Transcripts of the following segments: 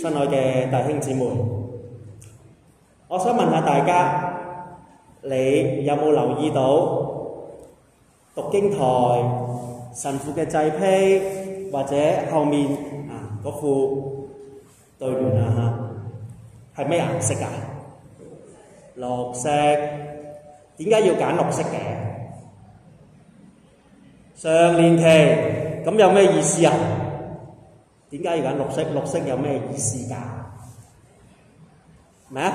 親愛嘅弟兄姊妹，我想問下大家，你有冇留意到讀經台神父嘅祭披或者後面啊嗰副對聯啊，係咩顏色噶？綠色，點解要揀綠色嘅？常年期，咁有咩意思啊？點解要揀綠色？綠色有咩意思㗎？咩啊？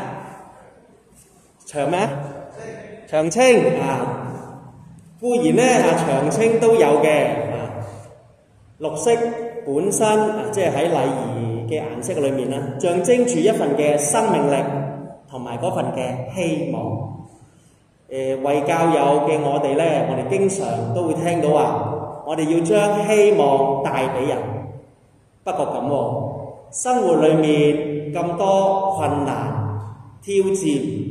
長咩啊？長青啊！固然咧，啊長青都有嘅。綠色本身啊，即係喺禮儀嘅顏色裏面咧，象徵住一份嘅生命力同埋嗰份嘅希望。誒，為教友嘅我哋咧，我哋經常都會聽到話，我哋要將希望帶俾人。不過咁喎，生活裏面咁多困難挑戰，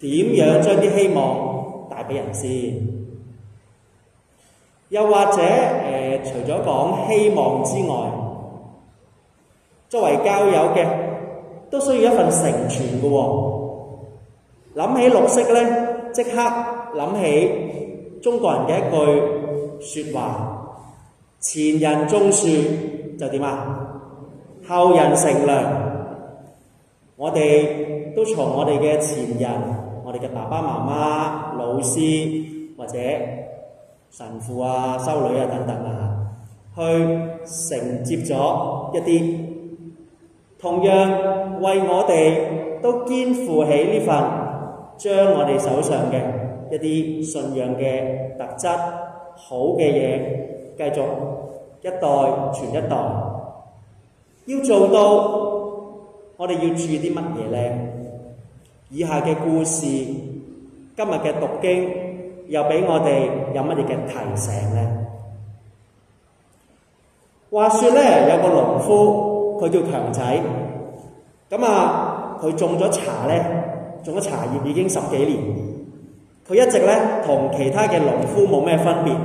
點樣將啲希望帶俾人先？又或者誒，除咗講希望之外，作為交友嘅都需要一份成全㗎喎。諗起綠色咧，即刻諗起中國人嘅一句説話：前人種樹。就點啊？後人乘涼，我哋都從我哋嘅前人、我哋嘅爸爸媽媽、老師或者神父啊、修女啊等等啊，去承接咗一啲，同樣為我哋都肩負起呢份，將我哋手上嘅一啲信仰嘅特質、好嘅嘢繼續。一代傳一代，要做到，我哋要注意啲乜嘢咧？以下嘅故事，今日嘅讀經又俾我哋有乜嘢嘅提醒咧？話説咧，有個農夫，佢叫強仔，咁啊，佢種咗茶咧，種咗茶葉已經十幾年，佢一直咧同其他嘅農夫冇咩分別。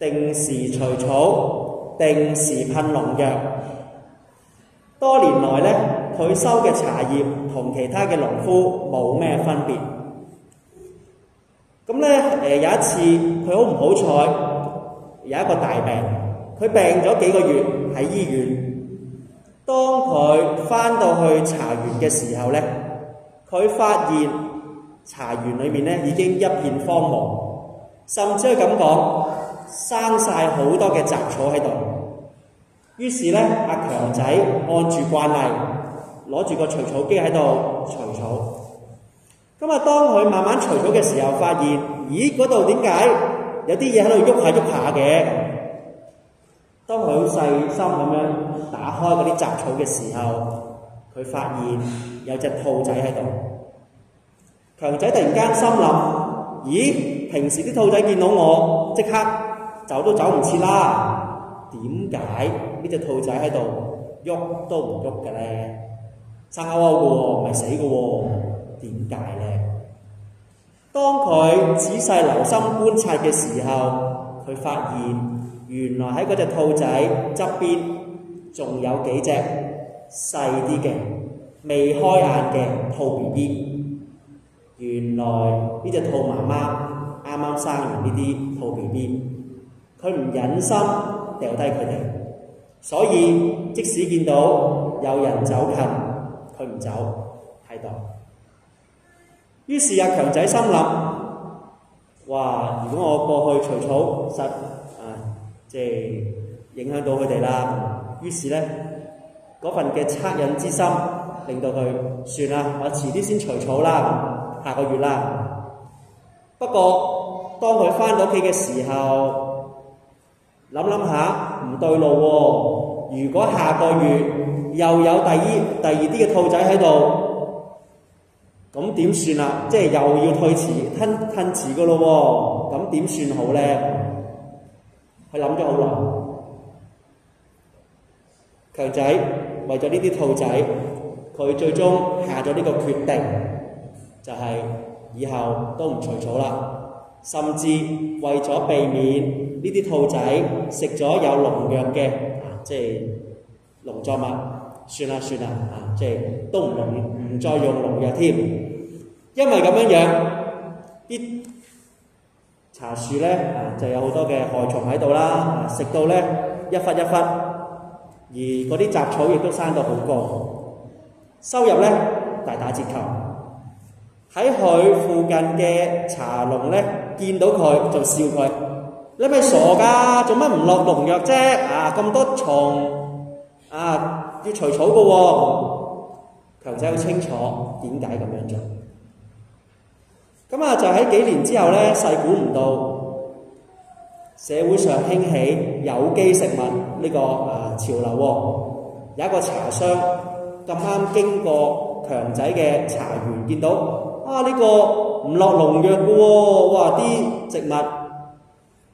定時除草，定時噴農藥。多年來呢，佢收嘅茶葉同其他嘅農夫冇咩分別。咁呢，誒有一次佢好唔好彩，有一個大病，佢病咗幾個月喺醫院。當佢翻到去茶園嘅時候呢，佢發現茶園裏面呢已經一片荒蕪，甚至係咁講。生晒好多嘅雜草喺度，於是咧阿強仔按住慣例攞住個除草機喺度除草。咁啊，當佢慢慢除草嘅時候，發現咦嗰度點解有啲嘢喺度喐下喐下嘅？當佢好細心咁樣打開嗰啲雜草嘅時候，佢發現有隻兔仔喺度。強仔突然間心諗：咦，平時啲兔仔見到我即刻。走都走唔切啦！點解呢隻兔仔喺度喐都唔喐嘅咧？生勾勾嘅喎，咪死嘅喎？點解咧？當佢仔細留心觀察嘅時候，佢發現原來喺嗰隻兔仔側邊仲有幾隻細啲嘅未開眼嘅兔 B B。原來呢隻兔媽媽啱啱生完呢啲兔 B B。佢唔忍心掉低佢哋，所以即使見到有人走近，佢唔走喺度。於是阿強仔心諗：哇！如果我過去除草，實啊，即係影響到佢哋啦。於是咧，嗰份嘅惻隱之心令到佢，算啦，我遲啲先除草啦，下個月啦。不過當佢返到屋企嘅時候，諗諗下唔對路喎，如果下個月又有第二第二啲嘅兔仔喺度，咁點算呀？即係又要推遲吞吞遲噶咯喎，咁點算好咧？佢諗咗好耐，強仔為咗呢啲兔仔，佢最終下咗呢個決定，就係以後都唔除草啦。甚至為咗避免呢啲兔仔食咗有農藥嘅，啊，即係農作物，算啦算啦，啊，即係都唔用，唔再用農藥添。因為咁樣樣，啲茶樹咧，啊，就有好多嘅害蟲喺度啦，食到咧一忽一忽，而嗰啲雜草亦都生到好高，收入咧大打折扣。喺佢附近嘅茶農咧，見到佢就笑佢，你係咪傻㗎，做乜唔落農藥啫？啊，咁多蟲啊，要除草㗎喎。強仔好清楚點解咁樣做。咁啊，就喺幾年之後咧，細估唔到社會上興起有機食物呢個啊潮流喎。有一個茶商咁啱經過強仔嘅茶園，見到啊呢個。唔落農藥嘅喎，哇！啲植物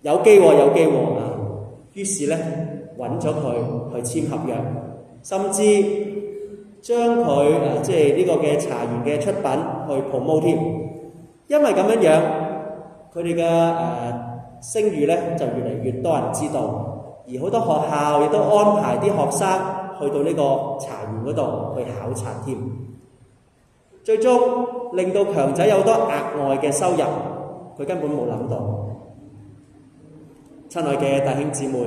有機喎，有機喎啊！於是咧，揾咗佢去簽合約，甚至將佢即係呢個嘅茶園嘅出品去 promote 添，因為咁樣樣，佢哋嘅誒聲譽咧就越嚟越多人知道，而好多學校亦都安排啲學生去到呢個茶園嗰度去考察添。最終令到強仔有多額外嘅收入，佢根本冇諗到。親愛嘅弟兄姊妹，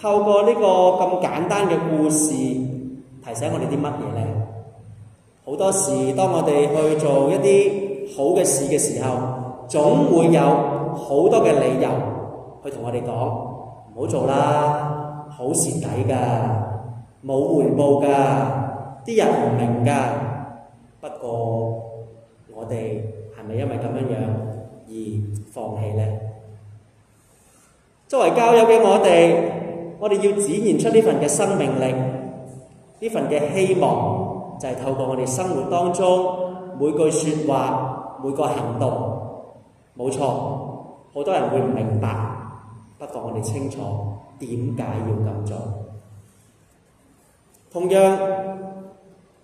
透過呢個咁簡單嘅故事，提醒我哋啲乜嘢呢？好多時，當我哋去做一啲好嘅事嘅時候，總會有好多嘅理由去同我哋講：唔好做啦，好蝕底㗎，冇回報㗎，啲人唔明㗎。不過，我哋係咪因為咁樣而放棄呢？作為教友嘅我哋，我哋要展現出呢份嘅生命力，呢份嘅希望，就係透過我哋生活當中每句説話、每個行動。冇錯，好多人會唔明白，不過我哋清楚點解要咁做。同樣，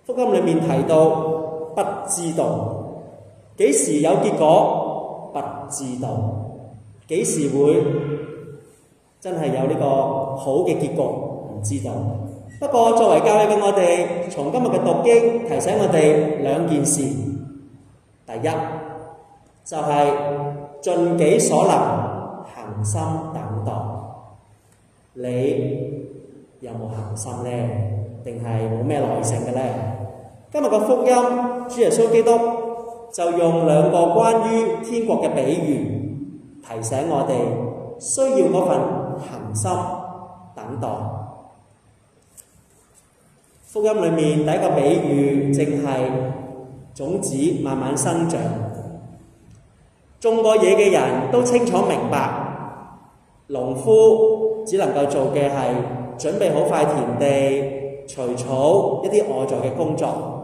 福音裡面提到。不知道幾時有結果，不知道幾時會真係有呢個好嘅結局，唔知道。不過，作為教友嘅我哋，從今日嘅讀經提醒我哋兩件事。第一就係、是、盡己所能，恆心等待。你有冇恆心咧？定係冇咩耐性嘅咧？今日個福音，主耶穌基督就用兩個關於天國嘅比喻，提醒我哋需要嗰份恆心等待。福音裏面第一個比喻，淨係種子慢慢生長。種過嘢嘅人都清楚明白，農夫只能夠做嘅係準備好塊田地、除草一啲外在嘅工作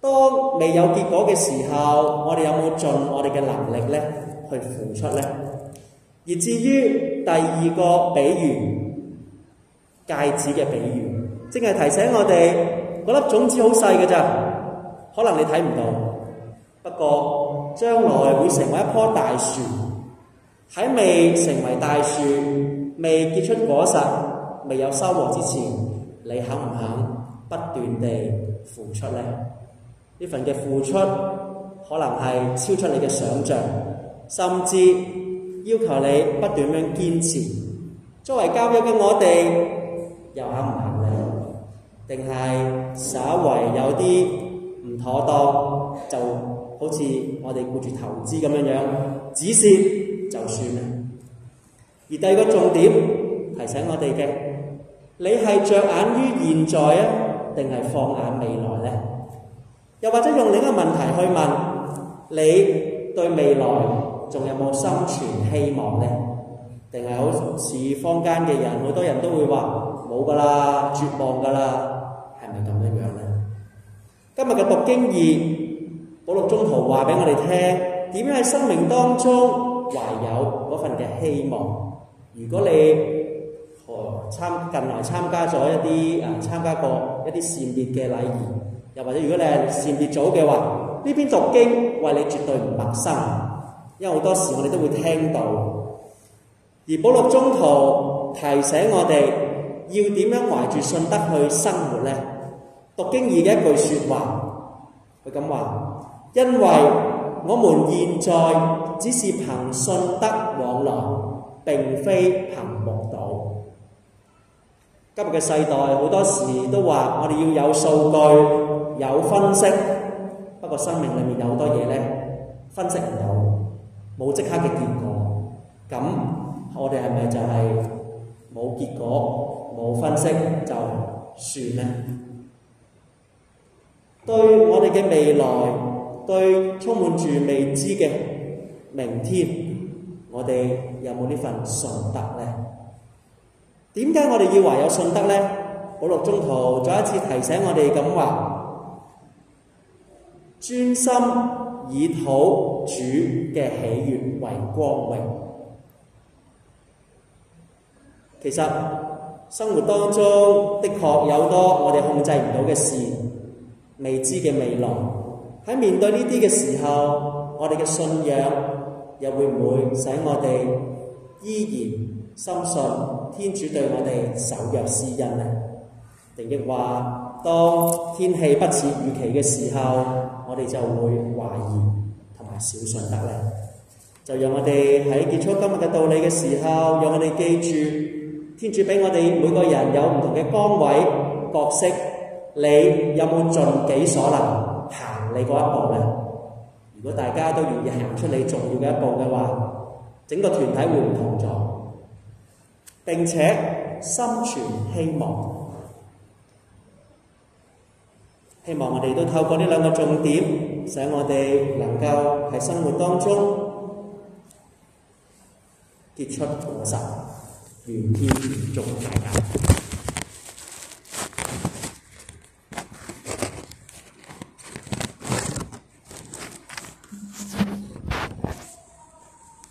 當未有結果嘅時候，我哋有冇盡我哋嘅能力呢去付出呢？而至於第二個比喻戒指嘅比喻，正係提醒我哋嗰粒種子好細㗎咋，可能你睇唔到，不過將來會成為一棵大樹。喺未成為大樹、未結出果實、未有收穫之前，你肯唔肯不斷地付出呢？」呢份嘅付出可能係超出你嘅想象，甚至要求你不斷咁堅持。作為教友嘅我哋，又肯唔肯咧？定係稍為有啲唔妥當，就好似我哋顧住投資咁樣樣，只是就算啦。而第二個重點提醒我哋嘅，你係着眼於現在啊，定係放眼未來呢？又或者用另一個問題去問你，對未來仲有冇心存希望咧？定係好似坊間嘅人，好多人都會話冇㗎啦，絕望㗎啦，係咪咁樣樣咧？今日嘅讀經二，保祿宗徒話俾我哋聽，點樣喺生命當中懷有嗰份嘅希望？如果你參近來參加咗一啲誒，參加過一啲善別嘅禮儀，又或者如果你係善別組嘅話，呢篇讀經，為你絕對唔陌生，因為好多時我哋都會聽到。而保祿宗徒提醒我哋要點樣懷住信德去生活咧？讀經二嘅一句説話，佢咁話：因為我們現在只是憑信德往來，並非憑目睹。今日嘅世代好多時都話我哋要有數據有分析，不過生命裏面有好多嘢咧，分析唔到，冇即刻嘅結果。咁我哋係咪就係冇結果，冇分析就算咧？對我哋嘅未來，對充滿住未知嘅明天，我哋有冇呢份崇德咧？點解我哋要懷有信德呢？保祿宗徒再一次提醒我哋咁話：專心以討主嘅喜悦為光榮。其實生活當中的確有多我哋控制唔到嘅事，未知嘅未來。喺面對呢啲嘅時候，我哋嘅信仰又會唔會使我哋依然？深信天主對我哋手約私恩啊！定亦話當天氣不似預期嘅時候，我哋就會懷疑同埋小信得咧。就讓我哋喺結束今日嘅道理嘅時候，讓我哋記住天主俾我哋每個人有唔同嘅崗位角色。你有冇盡己所能行你嗰一步呢？如果大家都願意行出你重要嘅一步嘅話，整個團體會唔同咗。並且心存希望，希望我哋都透過呢兩個重點，使我哋能夠喺生活當中結出紅果，連結續命。